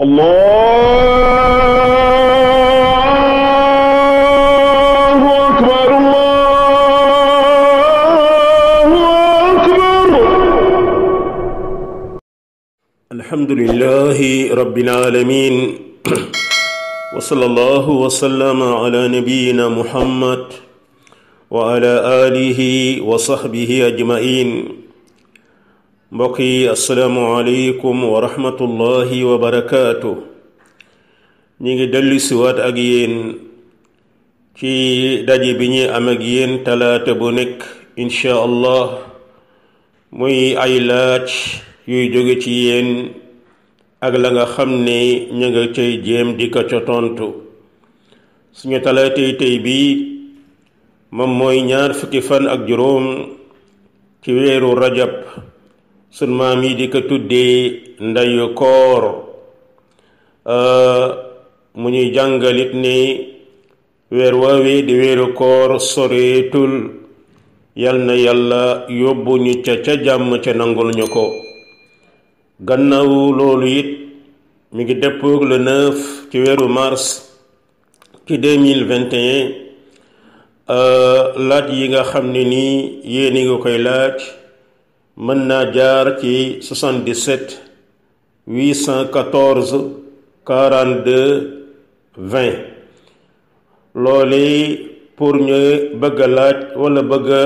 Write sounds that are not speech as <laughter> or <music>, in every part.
الله أكبر الله أكبر الحمد لله رب العالمين وصلى الله وسلم على نبينا محمد وعلى آله وصحبه أجمعين mbokk yi asalaamualeykum wa rahmatullahi wa barakaatu ñu ngi dellu siwaat ak yéen ci daje bi ñuy am ak yéen talaata bu nekk incha allah muy ay laaj yuy jóge ci yéen ak la nga xam ne ñu nga cay jéem di ko ca tontu suñu talaatay tey bi moom mooy ñaar fukki fan ak juróom ci weeru rajab sun mami di ka tudde ndayu koor mu ñuy jàngalit ni weer woowe di weeru koor soreetul yal na yàlla yóbbu ñu ca ca jàmm ca nangul ñu ko gannaaw loolu it mi ngi déppoog le 9 ci weeru mars ci 2021 laaj yi nga xam ne nii yéen ngi koy laaj mën naa jaar ci 77 814 42 loolu pour ñu bëgg a laaj wala bëgg a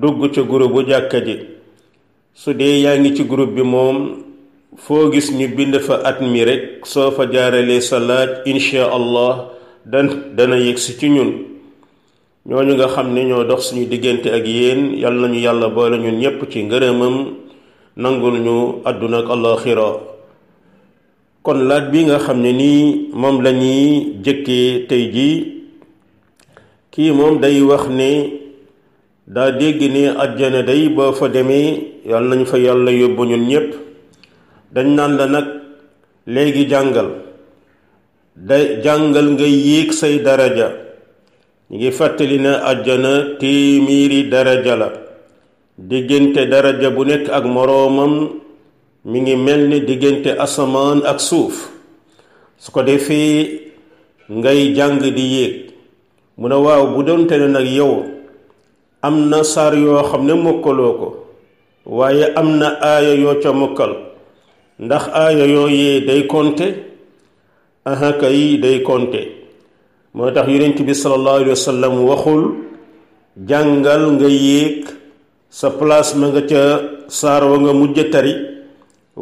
dugg ci groupe bu jàkka ji su dee yaa ngi ci groupe bi moom foo gis ñu bind fa at mi rek soo fa jaaralee sa laaj incha allah dan dana yegg si ci ñun ñoo ñu nga xam ne ñoo dox suñu diggante ak yéen yal nañu yàlla boole ñun ñépp ci ngërëmam nangu ñu àdduna ak àllaaxira kon laaj bi nga xam ne nii moom lañuy jëkkee tey jii kii moom day wax ne daa dégg ne àjjana day boo fa demee yal nañu fa yàlla yóbbu ñun ñépp dañ naan la nag léegi jàngal day jàngal nga yéeg say daraja ñu ngi fàttali na àjjana téeméeri daraja la diggante daraja bu nekk ak moroomam mu ngi mel ni diggante asamaan ak suuf su ko defee ngay jàng di yéeg mu ne waaw bu doon ne nag yow am na saar yoo xam ne mokkaloo ko waaye am na aaya yoo ca mokkal ndax aaya yooyee day konte ahaka yi day konte mooy tax yonent bi sallallahu alayhi wa sallam waxul jàngal nga yéeg sa place ma nga ca saar wa nga mujj tari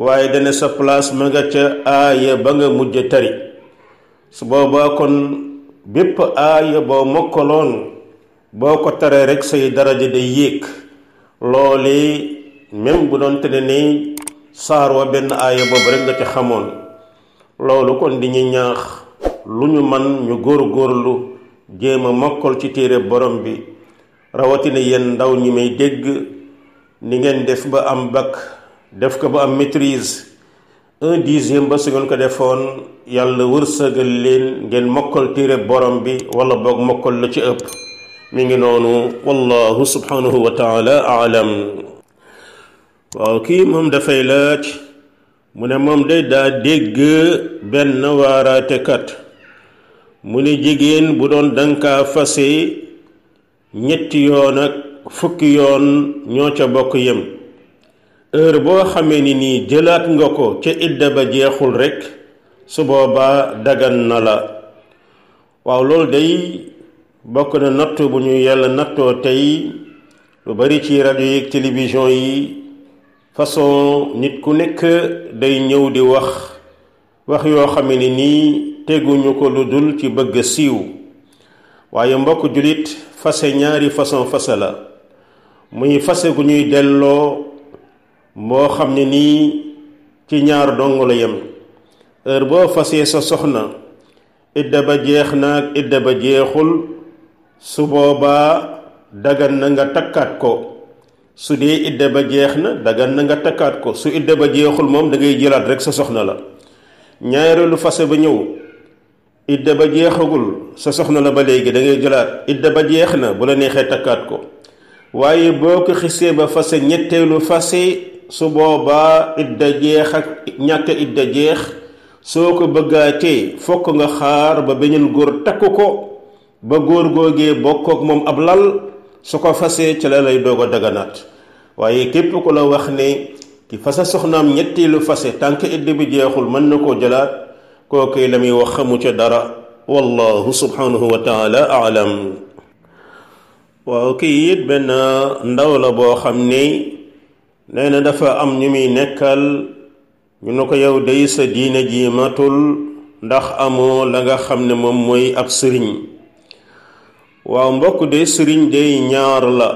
waaye dana sa place ma nga ca aaya ba nga mujj tari su boobaa kon bépp aaya boo mokkaloon boo ko taree rek say daraja day yéeg loolee même bu doon te ne ni saar wa benn aaya boobu rek nga ca xamoon loolu kon di ñaax lu ñu man ñu góor-góorlu jéem a mokkal ci téere borom bi rawatina yenn ndaw ñi may dégg ni ngeen def ba am bac def ko ba am maîtrise un dixième ba su ngeen ko defoon yàlla wërsëgal leen ngeen mokkal téere borom bi wala boog mokkal la ci ëpp mu ngi noonu wallahu subhanahu wa taala aalam waaw kii moom dafay laaj mu ne moom day daa dégg benn waaraatekat mu ne jigéen bu doon dankaa fase ñetti yoon ak fukki yoon ñoo ca bokk yem heure boo xamee ni nii jëlaat nga ko ca idda ba jeexul rekk su boobaa dagan na la waaw loolu day bokk na natt bu ñu yàlla nattoo tey lu bari ci rajo yi ak yi façon nit ku nekk day ñëw di wax wax yoo xamee ni nii teguñu ko lu dul ci bëgg siiw waaye mbokk julit fase ñaari façon fase la muy fase gu ñuy delloo moo xam ne nii ci ñaar dong la yem heure boo fasee sa soxna idda ba jeex idda ba jeexul su boobaa dagan na nga takkaat ko su dee idda ba jeex dagan na nga takkaat ko su idda ba jeexul moom da ngay jëlaat rek sa soxna la ñaareelu fase ba ñëw idda ba jeexagul sa soxna la ba léegi da ngay jëlaat idda ba jeex na bu la neexee takkaat ko waaye boo ko xisee ba fase ñetteelu fase su boobaa idda jeex ak ñàkk idda jeex soo ko bëggaatee fokk nga xaar ba beneen góor takk ko ba góor googee bokkoog moom ab lal su ko fasee ci la lay doog a daganaat waaye képp ku la wax ne ki soxnaam ñetteelu fase tànk idda bi jeexul mën na koo jëlaat kooku la muy wax xamu ca dara wallahu subhanahu wa taala alam waaw kii it benn ndaw la boo xam ne nee na dafa am ñu muy nekkal ñu ne ko yow day sa diine ji matul ndax amoo la nga xam ne moom mooy ab sëriñ waaw mbokk de sëriñ day ñaar la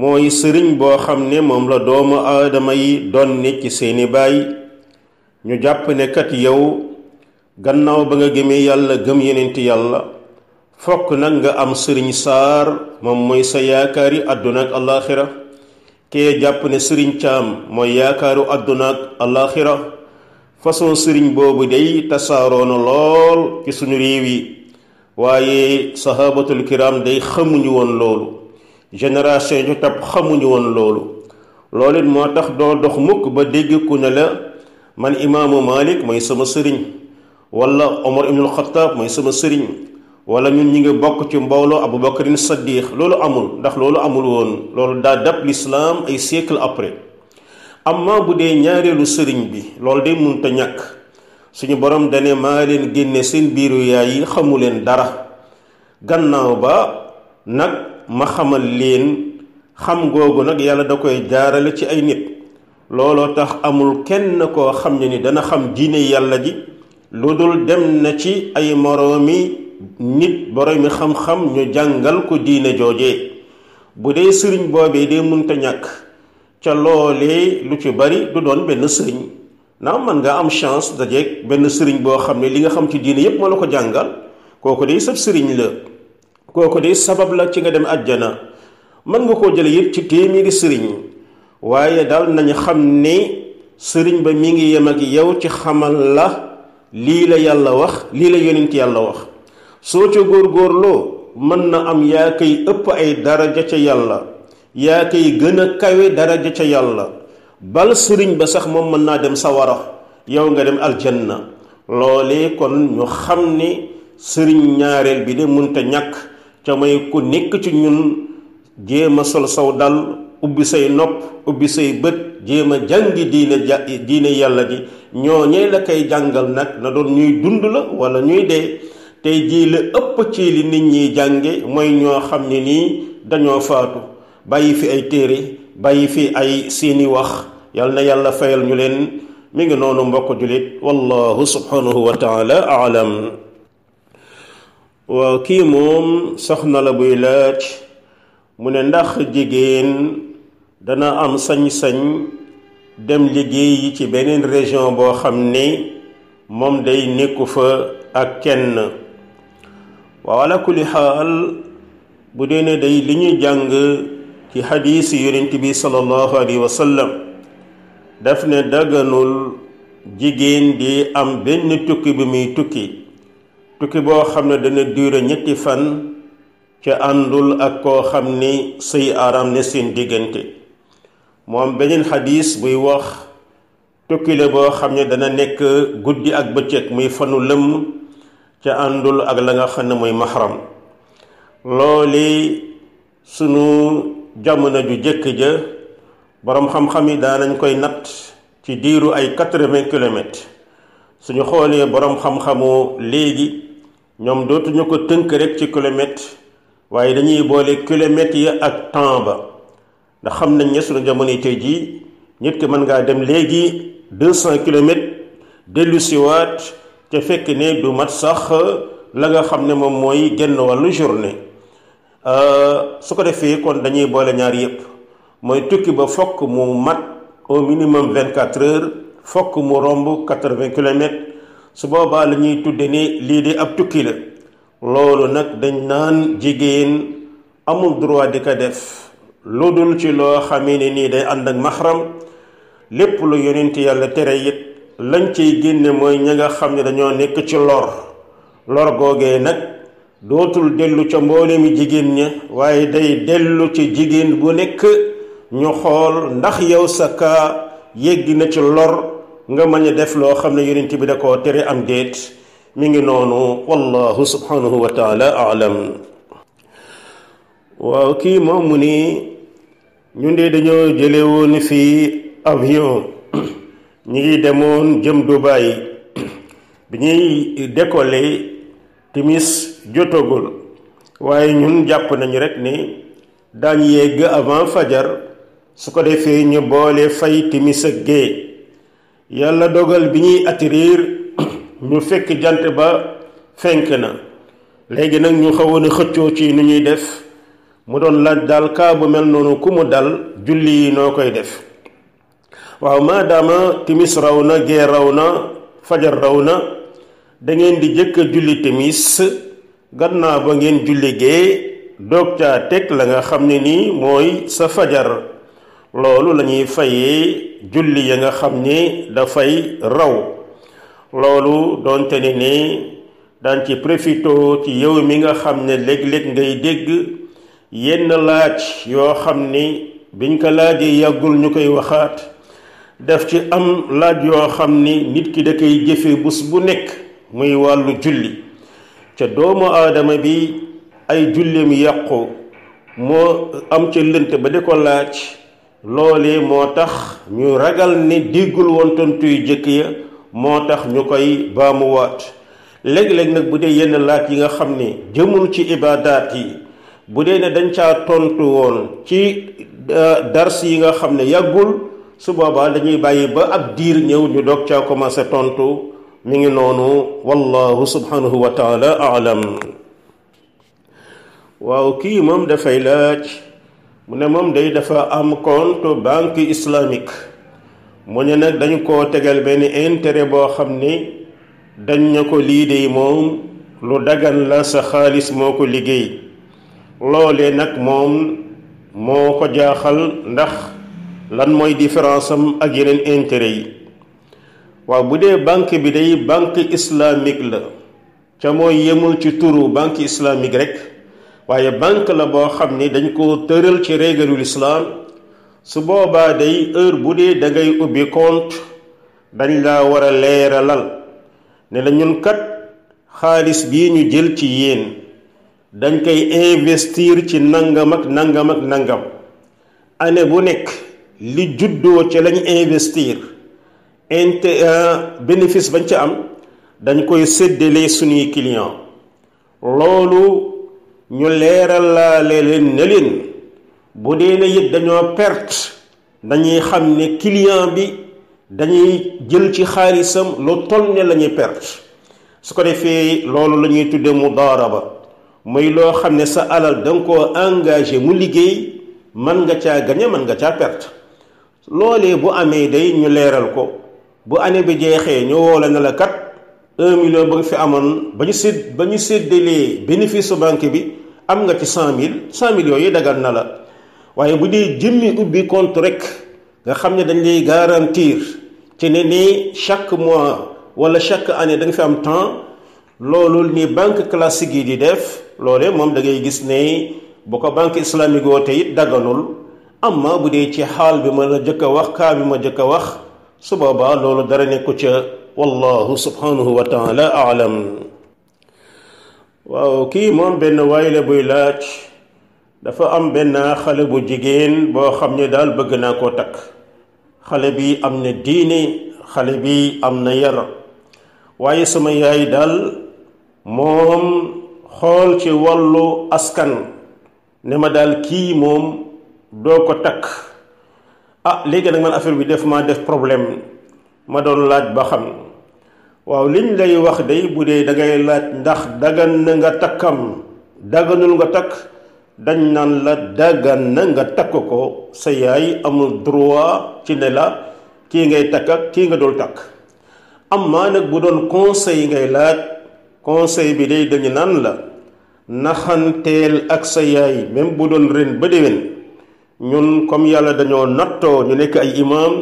mooy sëriñ boo xam ne moom la doomu aadama yi doon ne ci seeni baay ñu jàpp ne kat yow gannaaw ba nga gémmee yàlla gëm yeneenti yàlla fokk nag nga am sëriñ saar moom mooy sa yaakaari àdduna ak alaaxira kee jàpp ne sëriñ caam mooy yaakaaru àdduna ak alaaxira façon sëriñ boobu day tasaaroo na lool ci suñu réew yi waaye sahabatul kiram day xamuñu woon loolu génération ju tab xamuñu woon loolu loolu moo tax doo dox mukk ba dégg ku ne la man imaamu malik mooy sama sëriñ wala omar ibnul xataab mooy sama sëriñ wala ñun ñu ngi bokk ci mbooloo abu bakarin saddiq loolu amul ndax loolu amul woon loolu daa dab lislaam ay siècle après amma bu dee ñaareelu sëriñ bi loolu de mun ta ñàkk suñu borom dane maa leen génne seen biiru yaay yi xamu leen dara gannaaw ba nag ma xamal leen xam googu nag yàlla da koy jaarale ci ay nit looloo tax amul kenn koo xam ne ni dana xam diine yàlla ji lu dul dem na ci ay moroomi nit boroomi xam-xam ñu jàngal ko diine jooje bu dee sëriñ boobee dee munta ñàkk ca loolee lu ci bari du doon benn sëriñ naa mën nga am chance dajeeg benn sëriñ boo xam ne li nga xam ci diine yépp moo la ko jàngal kooku dee sab sëriñ la kooku dee sabab la ci nga dem àjjana mën nga koo jële yépp ci téeméeri sëriñ waaye daal nañu xam ni sëriñ ba mi ngi yem ak yow ci xamal la lii la yàlla wax lii la yonent yàlla wax soo ca góorloo mën na am yaa koy ëpp ay daraja ca yàlla yaa koy gën a kawe daraja ca yàlla bal sëriñ ba sax moom mën naa dem sawara yow nga dem aljanna loolee kon ñu xam ni sëriñ ñaareel bi de munta ñàkk ca may ku nekk ci ñun jéem sol saw dal ubbi say nopp ubbi say bët jéem a jàngi diine ja diine yàlla ji ñoo ñee la koy jàngal nag na doon ñuy dund la wala ñuy dee tey jii la ëpp ci li nit ñi jànge mooy ñoo xam ne nii dañoo faatu bàyyi fi ay téere bàyyi fi ay seeni wax yal na yàlla fayal ñu leen mi ngi noonu mbokk jullit wallahu subhanahu wa taala aalam waaw kii moom soxna la buy laaj mu ne ndax jigéen dana am sañ-sañ dem liggéey yi ci beneen région boo xam ne moom day nekku fa ak kenn waaw ala kulli xaal bu dee ne day li ñu jàng ci xadiis yonent bi sallallahu alayhi wa sallam daf ne daganul jigéen di am benn tukki bi muy tukki tukki boo xam ne dana durer ñetti fan ci àndul ak koo xam ni sëy aram ne seen diggante moom am beneen xadis buy wax tukki boo xam ne dana nekk guddi ak bëccëg muy fanu lëmm ca àndul ak la nga xam ne muy maxaram loole sunu jamono ju jëkk ja boroom xam-xam yi daanañ koy natt ci diiru ay quatre-vingts kilomètres suñu xoolee boroom xam-xamu léegi ñoom dootuñu ko tënk rek ci kilomètre waaye dañuy boole kilomètres yi ak temps ba ndax xam nañ ne suñu jamono tey jii nit ki mën ngaa dem léegi deux cent kilomètres dellu siwaat te fekk ne du mat sax la nga xam ne moom mooy genn wàllu journée euh, su ko defee kon dañuy boole ñaar yépp mooy tukki ba fokk mu mat au minimum vingt quatre heures fokk mu romb quatre vingt kilomètres su boobaa lañuy ñuy ni lii di ab tukki la loolu nag dañ naan jigéen amul droit di ko def lu dul ci loo xamee ne nii day ànd ak maxram lépp lu yonent yàlla tere it lañ ciy génne mooy ña nga xam ne dañoo nekk ci lor lor googee nag dootul dellu ca mboolemi jigéen ña waaye day dellu ci jigéen bu nekk ñu xool ndax yow sa kaa yéggi na ci lor nga mën a def loo xam ne yonent bi da koo tere am déet mu ngi noonu wallahu subhanahu wa alam waaw kii moom mu ni ñun de dañoo jële woon fii avion <clears throat> ñi ngi demoon jëm bàyyi <clears throat> bi ñuy décoller timis jotagul waaye ñun jàpp nañu rek ni daañ yegg avant fajar su ko defee ñu boolee fay timis ak gée yàlla dogal bi ñuy atterrir <clears throat> ñu fekk jant ba fenk na léegi nag ñu xawoon a xëccoo ci nu ñuy def mu doon laaj daal kaa bu mel noonu ku mu dal julli yi noo koy def waaw maadaama timis raw na gee raw na fajar raw na da ngeen di jëkk a julli timis gannaaw ba ngeen julli gee doog caa teg la nga xam ne nii mooy sa fajar loolu lañuy ñuy julli yi nga xam ne dafay raw loolu doonte ne ne daan ci profito ci yow mi nga xam ne léeg-léeg ngay dégg yenn laaj yoo xam ni biñ ko laaj laajee yàggul ñu koy waxaat def ci am laaj yoo xam ni nit ki da koy jëfe bés bu nekk muy wàllu julli ca doomu aadama bi ay julleem yàqu moo am ca lënt ba di ko laaj loolee moo tax ñu ragal ni déggul woon tontu yu jëkk ya moo tax ñu koy baamuwaat léeg-léeg nag bu dee yenn laaj yi nga xam ni jëmul ci ibaadaat yi bu dee ne dañ caa tontu woon ci euh, dars yi nga xam ne yàggul su boobaa dañuy bàyyi ba ab diir ñëw ñu dog ca commencé tontu mi ngi noonu wallahu subhanahu wa alam waaw kii moom dafay laaj mu ne moom day dafa am compte banque islamique mu ne nag dañu koo tegal benn intérêt boo xam ne dañ na ko lii de moom lu dagan la sa xaalis moo ko liggéey loole nag moom moo ko jaaxal ndax lan mooy différence am ak yeneen intérêt yi waaw bu dee banque bi day banque islamique la ca mooy yemul ci turu banque islamique rek waaye banque la boo xam ni dañ ko tëral ci régalul islaam su boobaa day heure bu dee da ngay ubbi compte dañ laa war a leeralal ne la ñun kat xaalis bii ñu jël ci yéen dañ koy investir ci nangam ak nangam ak année bu nekk li juddoo ci lañ investir inte euh, bénéfice bañ ca am dañ koy séddale suñuy client loolu ñu leeralaale leen ne leen bu dee ne it dañoo perte dañuy xam ne client bi dañuy jël ci xaalisam lu toll ne la ñuy perte su ko defee loolu la ñuy tudde mudaaraba mooy loo xam ne sa alal da nga koo mu liggéey man nga caa gañe mën nga caa perte loole bu amee day ñu leeral ko bu année bi jeexee ñu woo la ne la kat ba nga fi amoon ba ñu sédd ba ñu séddalee bénéfice banque bi am nga ci cent mille cent mille yooyu dagal na la waaye bu dee jëmmi ubbi compte rek nga xam ne dañ lay garantir ci ne nii chaque mois wala chaque année da nga fi am temps loolu ni bànk classique yi di def loole moom da ngay gis ne bu ko banque islamique woote it dagganul ma bu dee ci xaal bi ma la jëkk a wax kaa bi ma jëkk a wax su boobaa loolu dara nekku ca wallahu subhanahu wa taala alam waaw kii moom benn waay la buy laaj dafa am benn xale bu jigéen boo xam ne daal bëgg naa koo takk xale bi am na diine xale bi am na yar waaye sama yaay daal moom xool ci wàllu askan ne ma daal kii moom doo ko takk ah léegi nag man affaire bi def maa def problème ma doon laaj ba xam waaw liñ lay wax day bu dee da ngay laaj ndax dagan na nga takkam daganul nga takk dañ naan la dagan na nga takk ko sa yaay amul droit ci ne la kii ngay takk ak kii nga dul takk am maa nag bu doon conseil ngay laaj conseil bi day dañu naan la naxanteel ak sa yaay même bu doon ren ba déwén ñun comme yàlla dañoo nattoo ñu nekk ay imaam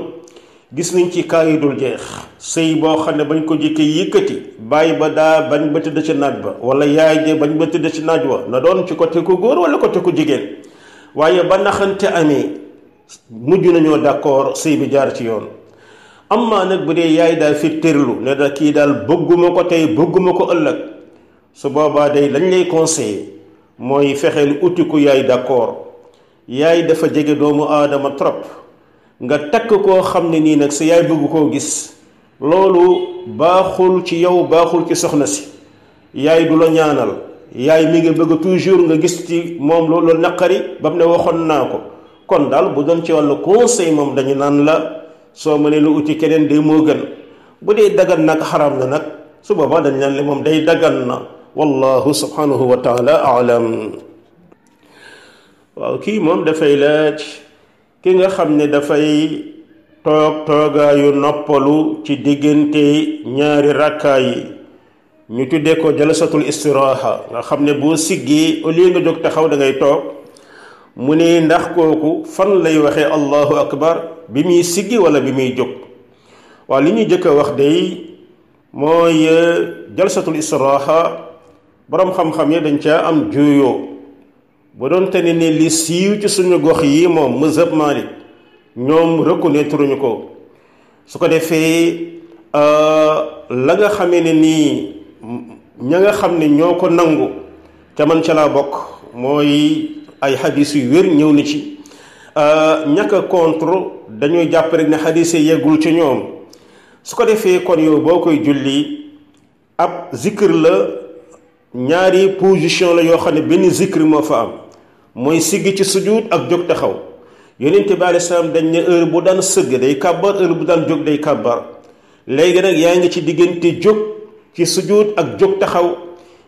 gis nañ ci kaa yi jeex sëy boo xam ne bañ ko jëkkee yëkkati bàyyi ba daa bañ ba tëdd ci naaj ba wala yaay ba bañ ba tëdd ci naaj wa na doon ci côté ku góor wala côté ku jigéen waaye ba naxante amee mujj nañoo d'accord sëy bi jaar ci yoon amma nag bu dee yaay daal fi tërlu ne da kii daal bëgguma ko tey bëgguma ko ëllëg su boobaa day lañ lay conseiller mooy fexeel uti ku yaay d'accord yaay dafa jege doomu aadama trop nga takk koo xam ne nii nag sa yaay bëgg koo gis loolu baaxul ci yow baaxul ci soxna si yaay du la ñaanal yaay mi ngi bëgg toujours nga gis ci moom loolu naqari ba mu ne waxoon naa ko kon daal bu doon ci wàllu conseil moom dañu naan la soo mënee lu uti keneen day moo bu dee dagan nag xaram na nag su boobaa dañ naan le moom day dagan na wallahu subhanahu wa taala alam waaw kii moom dafay laaj ki nga xam ne dafay toog toogaayu noppalu ci diggante ñaari rakkaa yi ñu tuddee ko jalasatul istiraaha nga xam ne boo siggee au lieu nga jóg taxaw da toog mu ne ndax kooku fan lay waxee allahu akbar bi muy siggi wala bi muy jóg waaw li ñuy jëkk a wax day mooy euh, jalsatul istiraaxa boroom xam-xam yi dañ caa am juuyoo bu doon te ne ni li siiw ci suñu gox yi moom mazhab Maalik ñoom reconnaître ñu ko su ko defee euh, la nga xamee ne nii ña nga xam ne ñoo ko nangu te man ca laa bokk mooy ay xadis yu wér ñëw na ci euh, ñàkk a contre dañuy jàpp rek ne xadis yi yeggul ci ñoom su ko defee kon yow boo koy julli ab zikr la ñaari position la yoo xam ne benn zikr moo fa am mooy sigg ci sujud ak jóg taxaw yonent bi alei salaam dañ ne heure bu daan sëgg day kàbbar heure bu daan jóg day kàbbar léegi nag yaa ngi ci diggante jóg ci sujud ak jóg taxaw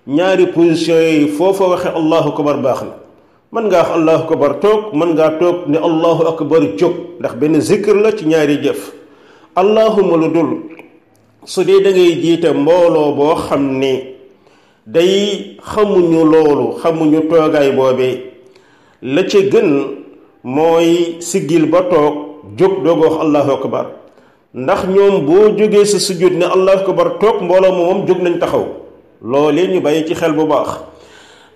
ñaari position yooyu foofa waxe allahu akbar baax na mën ngaa wax allahu akbar toog mën ngaa toog ne allahu akbar jóg ndax benn zikr la ci ñaari jëf allahuma lu dul su dee da ngay jiite mbooloo boo xam ne day xamuñu loolu xamuñu toogaay boobee la ca gën mooy siggil ba toog jóg doog wax allahu akbar ndax ñoom boo jógee sa sujud ne allahu akbar toog mbooloo moom jóg nañ taxaw loolee ñu bàyyi ci xel bu baax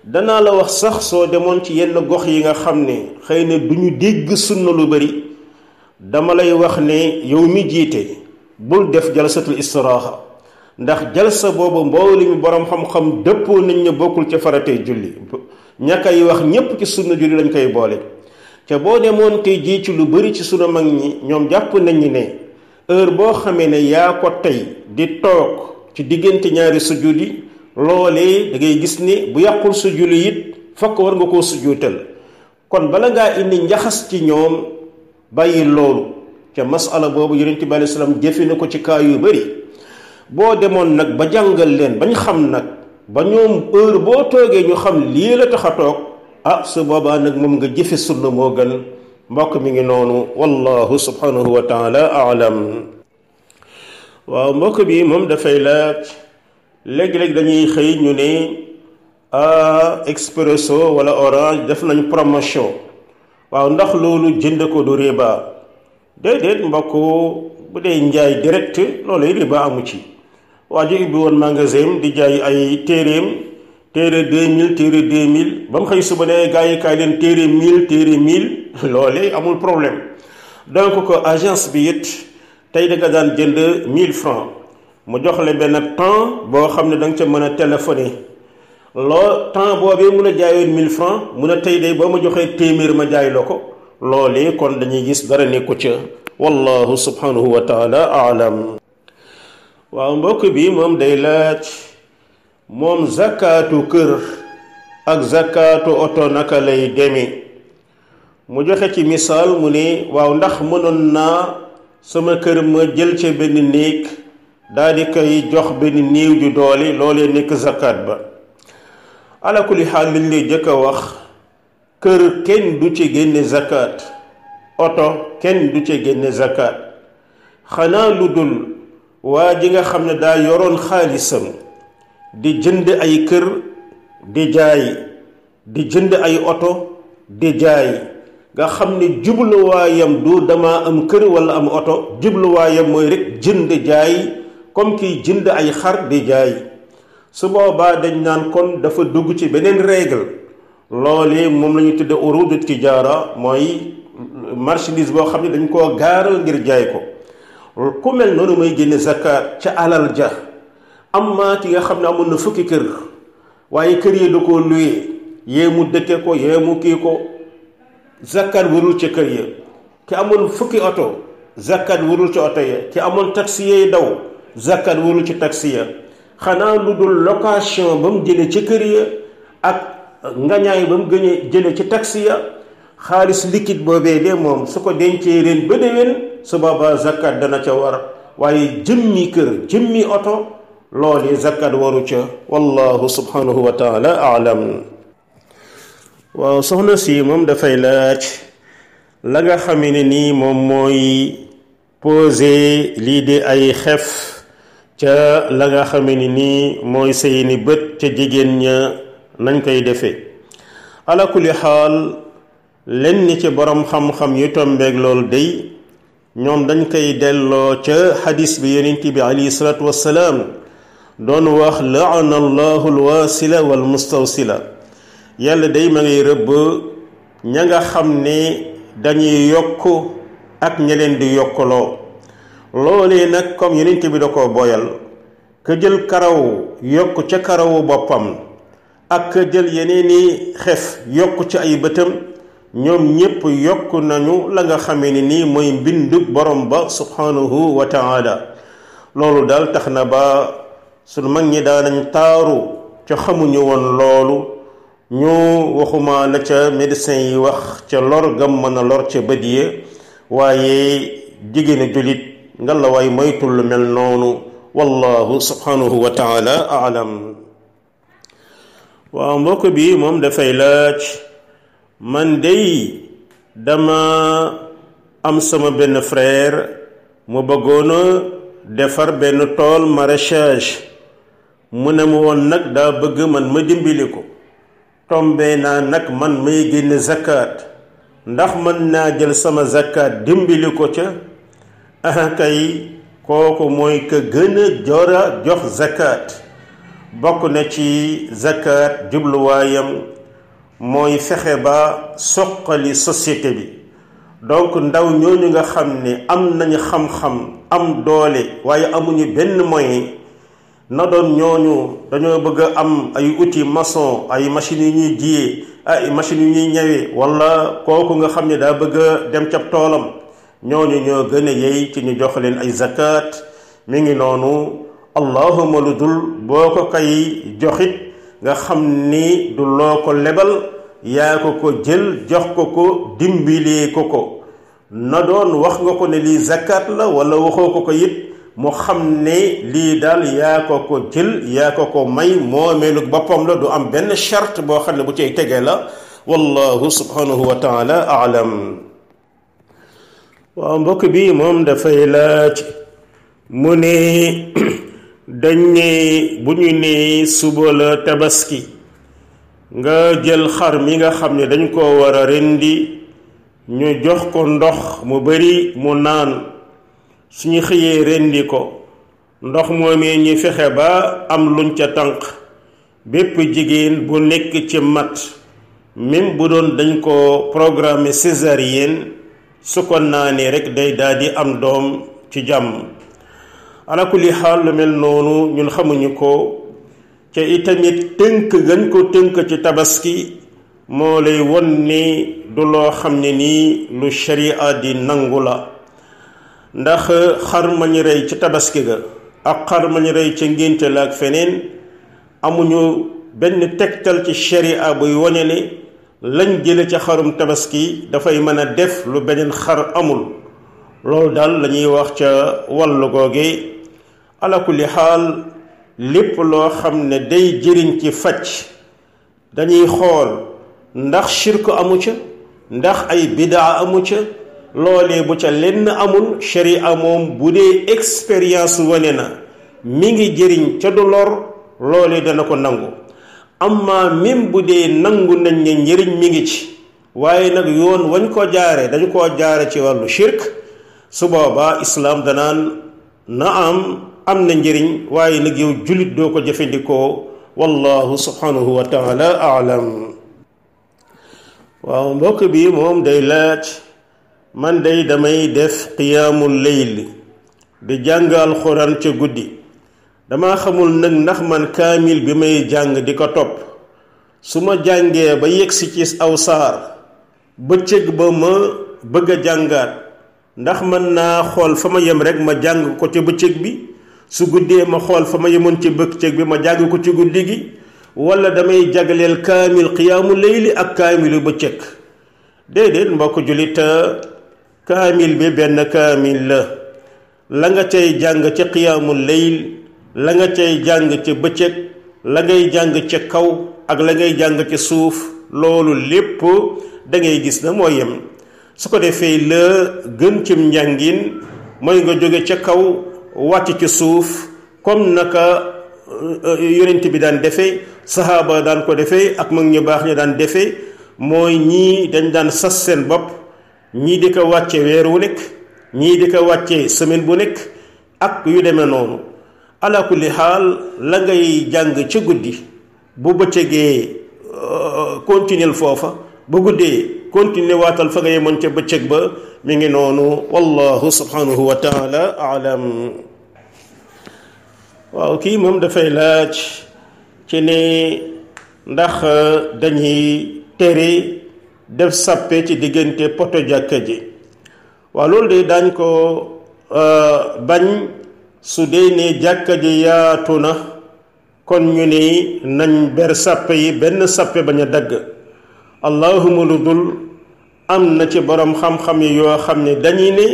danaa la wax sax soo demoon ci yenn gox yi nga xam ne xëy na du ñu dégg sunna lu bari dama lay wax ne yow mi jiite bul def jalsatul istiraaxa ndax jalsa boobu mbooli mi boroom xam-xam dëppoo nañ ne bokkul ca faratee julli ña koy wax ñépp ci sunna julli lañ koy boole te boo demoon tey jiit ci lu bari ci sunu mag ñi ñoom jàpp nañu ne heure boo xamee ne yaa ko tey di toog ci diggante ñaari sujud loolee da ngay gis ni bu yàqul su julli it fokk war nga koo sujjóotal kon bala ngaa indi njaxas ci ñoom bàyyi loolu ca masala boobu yonent bi alei salaam jëfe na ko ci yu bari boo demoon nag ba jàngal leen bañ xam nag ba ñoom boo toogee ñu xam lii la tax a toog ah su boobaa nag moom nga jëfe sunna moo gën mbokk mi ngi noonu wallahu subhanahu waaw mbokk bi moom dafay laaj léegi-léegi dañuy xëy ñu ne a euh, Expresso wala Orange def nañ promotion waaw ndax loolu jënd ko du riba déedéet mbokk bu dee njaay direct loolu riba amu ci waa ji ubbi woon magasin di jaay ay téeréem téere 2000 téere 2000 ba mu xëy suba ne gars yi leen téere mil téere 1000 <laughs> loolee amul problème donc ko agence bi it tey da nga daan jënd 1000 francs mu jox la benn temps boo xam ne da nga ca mën a téléphoner loo temps boobee mu la jaayoon 1000 francs mu ne tey day boo ma joxee téeméer ma jaay la ko loolee kon dañuy gis dara nekku ca wallahu subhanahu wa taala alam waaw mbokk bi moom day laaj moom zakkaatu kër ak zakkaatu oto naka lay demee mu joxe ci misaal mu ne waaw ndax mënoon naa sama kër ma jël ca benn néeg daal di koy jox benn néew ju doole loolee nekk zakat ba ala kulli xaal liñ lay jëkk a wax kër kenn du ci génne zakat oto kenn du ci génne zakat xanaa lu dul waa ji nga xam ne daa yoroon xaalisam di jënd ay kër di jaay di jënd ay oto di jaay nga xam ne jubluwaayam du dama am kër walla am oto jubluwaayam mooy rekk jënd jaay comme kiy jënd ay xar di jaay su boobaa dañ naan kon dafa dugg ci beneen règle loolee moom la ñu tudde urudu tijaara mooy marchandise boo xam ne dañ koo gaaral ngir jaay ko ku mel noonu may génne zakat ca alal ja am maa ki nga xam ne amoon na fukki kër waaye kër yi da koo luye yee mu dëkke ko yee mu kii ko zakat warul ca kër ya ki amoon fukki oto zakat warul ca oto ya ki amoon taxi yay daw zakat warul ci taxi ya xana lu location bam jele ci kër ya ak ngañay bam gëñe jele ci taxi ya xaalis liquide bobé de mom su ko dencee ren ba déwén su baba zakat dana ci war waye jëmmi kër jëmmi auto lolé zakat waru ci wallahu subhanahu wa taala alam wa soxna si mom da fay laaj la nga xamee ni mom moy poser posé lii ay xef ca la nga xame ni nii mooy seeni bët ca jigéen ña nañ koy defe ala kulli xaal lenn ci boroom xam-xam yu tombeeg loolu dey ñoom dañ koy delloo ca xadis bi yonent bi alayhi salaatu wassalaam doon wax laana allahu alwaasila walmustawsila yàlla day ma ngay rëbb ña nga xam ni dañuy yokk ak ña leen di yokkaloo loolee nag comme yenente bi da koo boyal ka jël karaw yokk ca karawu boppam ak ka yeneen yeneeni xef yokk ci ay bëtam ñoom ñépp yokk nañu la nga xame ni nii mooy mbindub borom ba subhanahu wa loolu daal tax na ba sunu mag ñi daanañ taaru ca xamuñu woon loolu ñu waxuma la ca médecin yi wax ca lor gam mën a lor ca bët yi waaye jigéen jullit ngalla waay moytul lu mel noonu wallahu subhanahu wa taala alam waaw mbokk bi moom dafay laaj man day dama am sama benn frère mu bëggoon a defar benn tool maraîchage mu ne ma woon nag daa bëgg man ma dimbali ko tombe naa nag man may génn zakat ndax mën naa jël sama zakat dimbali ko ca kay <laughs> kooku mooy ka gën jox zakat bokk na ci zakat jubluwaayam mooy fexe ba soqali société bi donc ndaw ñooñu nga xam ni am nañu xam-xam am doole waaye amuñu benn moyen na doon ñooñu dañoo bëgg am ay outil maçon ay machines yu ñuy jiyee ay machines yu ñuy ñawee walla kooku nga xam ni daa bëgg a dem ca toolam ñooñu ñoo gën a yey ci ñu jox leen ay zakat mi ngi noonu allahuma lu dul boo ko kay joxit nga xam ni du loo ko lebal yaa ko ko jël jox ko ko dimbilee ko ko na doon wax nga ko ne lii zakat la wala waxoo ko ko it mu xam ne lii daal yaa ko ko jël yaa ko ko may moomeelug boppam la du am benn charte boo xam ne bu cay tege la wallahu subhanahu wa taala alam waaw mbokk bi moom dafay laaj mu ne <clears throat> dañ ne bu ñu nee suba la tabaski nga jël xar mi nga xam ni dañ ko war a rendi ñu jox ko ndox mu bari mu naan suñu xëyee rendi ko ndox moomee ñu fexe ba am luñ ca tànk bépp jigéen bu nekk ci mat même bu doon dañ ko programme césarienne su ko naanee rekk day daal di am doom ci jàmm ala kulli xaal lu mel noonu ñun xamuñu ko ca itamit tënk gën ko tënk ci tabaski moo lay won ni du loo xam ne nii lu sharia di nangu la ndax xar ma rey ci tabaski ga ak xar ma rey ca ngénte la ak feneen amuñu benn tegtal ci sharia buy wone ni lañ jële ca xarum tabaski dafay mën a def lu beneen xar amul loolu daal lañuy wax ca wàllu googe ala kulli xaal lépp loo xam ne day jëriñ ci faj dañuy xool ndax shirk amu ca ndax ay bidaa amu ca loolee bu ca lenn amul sharia amoom bu dee expérience wane na mi ngi jëriñ ca du lor loolee dana ko nangu amma même bu dee nangu nañ ne njëriñ mi ngi ci waaye nag yoon wañ koo jaare dañu koo jaare ci wàllu shirk su booba islaam danaan na am am na njëriñ waaye nag yow jullit doo ko jëfandikoo wallahu subhanahu wa taala alam waaw mbokk bi moom day laaj man day damay def qiyaamul layl di jàng alxuraan ca guddi dama xamul nag ndax man kaamil bi may jàng di ko topp su ma jàngee ba yegsi ci aw saar bëccëg ba ma bëgg a jàngaat ndax mën naa xool fa ma yem rek ma jàng ko ca bëccëg bi su guddee ma xool fa ma yemoon ci bëccëg bi ma jàng ko ci guddi gi wala damay jagleel kaamil xiyaamu layli ak kaamilu bëccëg déedéet mbokk jullit kaamil bi benn kaamil la la nga cay jàng ci xiyaamu layl la nga cay jàng ca bëccëg la ngay jàng ca kaw ak la ngay jàng ca suuf loolu lépp da ngay gis na mooy yem su ko defee la gën cim njàngin mooy nga jóge ca kaw wàcc ci suuf comme naka euh, euh, yonent bi daan defee saxaaba daan ko defee ak mag ñu baax ñu daan defee mooy ñii dañ daan sas seen bopp ñii di ko wàcce weer wu nekk ñii di ko wàccee semaine bu nekk ak yu demee noonu ala kulli xaal la ngay jàng ca guddi bu bëccëgee euh, continuer foofa bu guddee continuer waatal fa nga yemoon ca bëccëg ba mu ngi noonu wallahu subhanahu wa alam waaw kii moom dafay laaj ci ne ndax euh, dañuy tere def sàppe ci diggante poto jàkka ji waaw loolu de daañ ko euh, bañ su dee ne jàkka ji yaatu na kon ñu ni nañ ber sàppe yi benn sàppe bañ a dagg allahuma lu am na ci boroom xam-xam yi yoo xam ne dañuy ne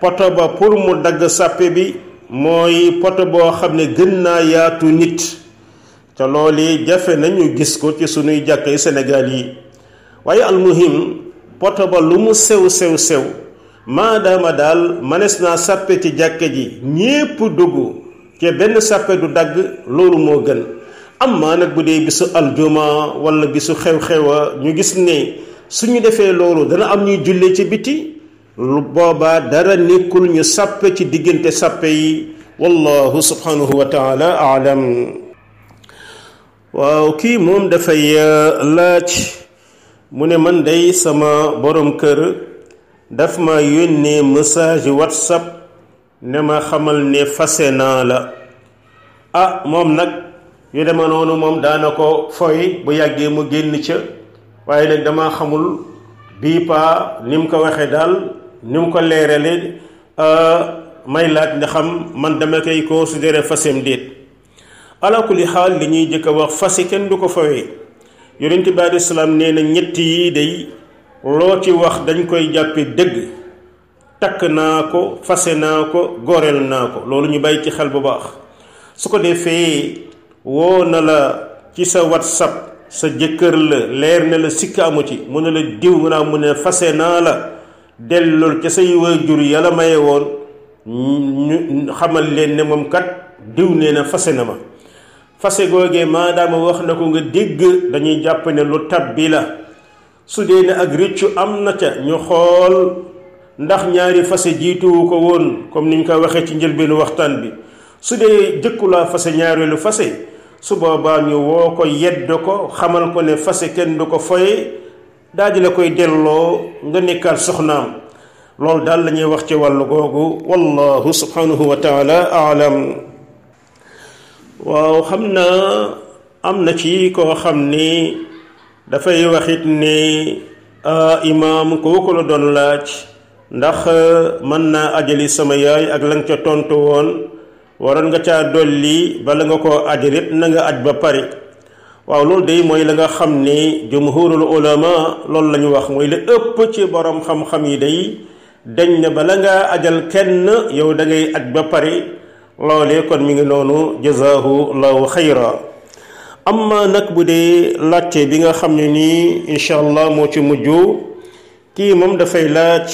poto ba pour mu dagg sàppe bi mooy poto boo xam ne gën naa yaatu nit te loolu jafe nañu gis ko ci suñuy jàkk senegal yi waaye almuhim poto ba lu mu sew sew sew maadaama daal manees naa sàppe ci jàkke ji ñépp dugg ci benn sàppe du dagg loolu moo gën amma nag bu dee bisu aljuma wala gisu xew-xewa ñu gis ne ñu defee loolu dana am ñuy julle ci biti lu boobaa dara nekkul ñu sàppe ci diggante sàppe yi wallahu subhanahu wa taala aalam waaw kii moom dafay uh, laaj mu ne man dey sama boroom kër daf ma yónnee message whatsapp ne ma xamal ne fase naa la ah moom nag yu deme moom daana ko foy bu yàggee mu génn ca waaye nag dama xamul bii paa ni mu ko waxee daal ni mu ko leerale ah, may laaj nga xam man dama koy considéré fasem déet ala kulli xaal li ñuy jëkk a wax fase kenn du ko fawee yonent bi aleyhi salaam nee ñett yi day loo ci wax dañ koy jàppe dëgg takk naa ko fase naa ko goreel naa ko loolu ñu bàyyi ci xel bu baax su ko defee woo na la ci sa whatsapp sa jëkkër la leer na la sikk amu ci mu ne la diw nga naa mu ne fase naa la dellool ca say waajur yala maye woon ñu xamal leen ne moom kat diw nee na fase na ma fase googee maadaama wax na ko nga dégg dañuy jàpp ne lu tab bii la su dee ne ak rëccu am na ca ñu xool ndax ñaari fase jiituwu ko woon comme niñ ko waxee ci njëlbeenu waxtaan bi su dee jëkku laa fase ñaareelu fase su boobaa ñu woo ko yedd ko xamal ko ne fase kenn du ko foye daal di la koy delloo nga nekkaat soxnaam loolu daal la wax ci wàllu googu wallahu subhanahu wa alam waaw xam naa am na ci koo xam ni dafay waxit ne imaam ko la doon laaj ndax mën naa ajali sama yaay ak la ca tontu woon waroon nga caa dolli bala nga koo ajalit na nga aj ba pare waaw loolu day mooy la nga xam ne jumhurul ulama loolu la ñu wax mooy li ëpp ci boroom xam-xam yi day dañ na bala nga ajal kenn yow dangay aj ba pare loolee kon mi ngi noonu jazaahu llahu xayra amma nag bu dee laajte bi nga xam ne nii incha moo ci mujj kii moom dafay laaj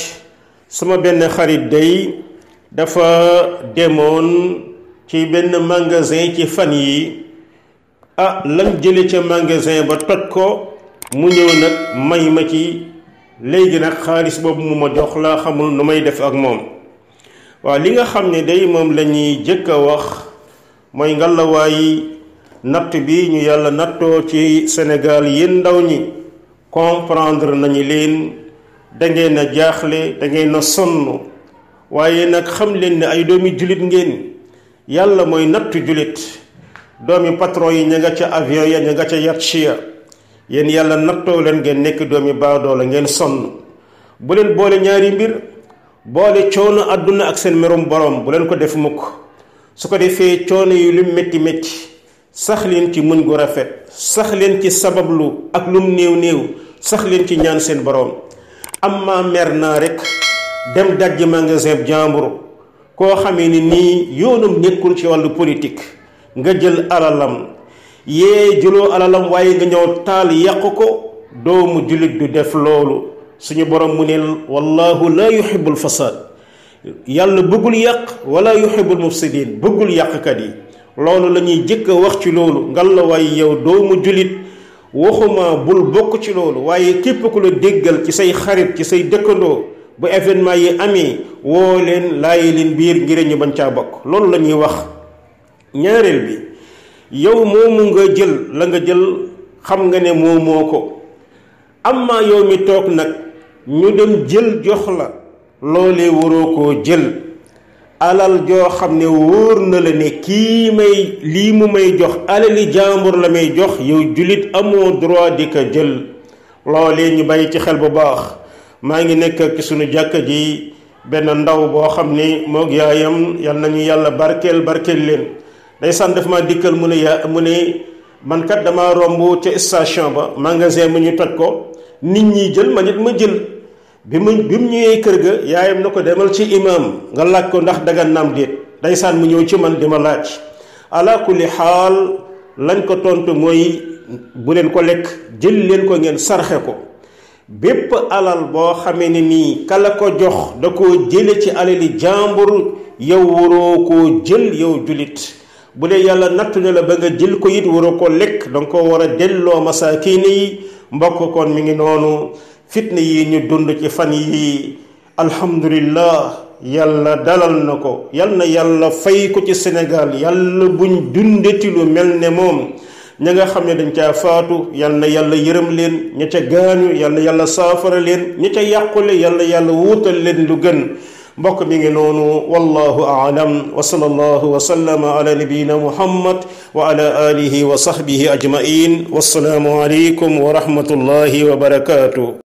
sama benn xarit day dafa demoon ci benn magasin ci fan yi ah lañ jële ca magasin ba toj ko mu ñëw nag may ma ci léegi nag xaalis boobu mu ma jox laa xamul nu may def ak moom waaw li nga xam ne day moom la ñuy jëkk a wax mooy ngalawaay natt bi ñu yàlla nattoo ci Sénégal yéen ndaw ñi comprendre nañu leen da ngeen a jaaxle da ngeen a sonn waaye nag xam leen ne ay doomi jullit ngeen yàlla mooy natt jullit doomi patron yi ña nga ca avion ya ña nga ca yacht ya yéen yàlla nattoo leen ngeen nekk doomi baadoola ngeen sonn bu leen boole ñaari mbir boole coono àdduna ak seen merum borom bu leen ko def mukk su ko defee coono yi lu métti métti sax leen ci mën gu rafet sax leen ci sabablu ak lu mu néew néew sax leen ci ñaan seen boroom am maa mer naa dem dajj magasin bu jàmbur koo xamee ni nii yoonam nekkul ci wàllu politik nga jël alalam yee jëloo alalam waaye nga ñëw taal yàq ko doomu jullit du def loolu suñu borom mu ne wallahu la yuhibbul fasad yàlla bëggul yàq wala yuhibbul mufsidin bëggul yàqkat yi loolu la ñuy jëkk a wax ci loolu ngal la waaye yow doomu julit waxuma bul bokk ci loolu waaye képp ku la déggal ci say xarit ci say dëkkandoo bu événement yi amee woo leen laayi leen biir ngir ñu bañ caa bokk loolu la ñuy wax ñaareel bi yow moomu nga jël la nga jël xam nga ne moomoo ko amma yow mi toog nag ñu dem jël jox la loole waroo ko jël alal joo xam ne wóor na la ne kii may lii mu may jox alali jàmbur la may jox yow jullit amoo droit di ko jël loolee ñu bàyyi ci xel bu baax maa ngi nekk ak suñu jàkka ji benn ndaw boo xam ne moog yaayam yal nañu yàlla barkeel barkeel leen day sànn dafa ma dikkal mu ne ya mu ne man kat dama romb ca station ba magasin mu ñu toj ko nit ñi jël ma nit ma jël bi mu bi mu ñëwee kër ga yaayam na ko demal ci imaam nga laaj ko ndax dagan naam déet ndeysaan mu ñëw ci man di ma laaj ala xaal lañ ko tontu mooy bu leen ko lekk jël leen ko ngeen sarxe ko bépp alal boo xamee ne nii kala ko jox da ko jële ci alali jàmbur yow waroo ko jël yow julit bu dee yàlla nattu ne la ba nga jël ko it waroo ko lekk danga ko war a delloo masaakiin yi mbokk kon mi ngi noonu fitna yi ñu dund ci fan yi alhamdulillah yàlla dalal nako yalna yàlla fay ko ci sénégal yàlla buñ dundeti lu melne mom moom ña nga xam dañ ca faatu yal yàlla yërëm leen ña ca gaañu yalla yàlla safara leen ña ca yàqule yalla yàlla wutal leen lu gën mbokk mi ngi nonu wallahu aalam wa sallallahu wa sallama ala nabiyyina muhammad wa ala alihi wa sahbihi ajmain wassalamu alaykum wa rahmatullahi wa barakatuh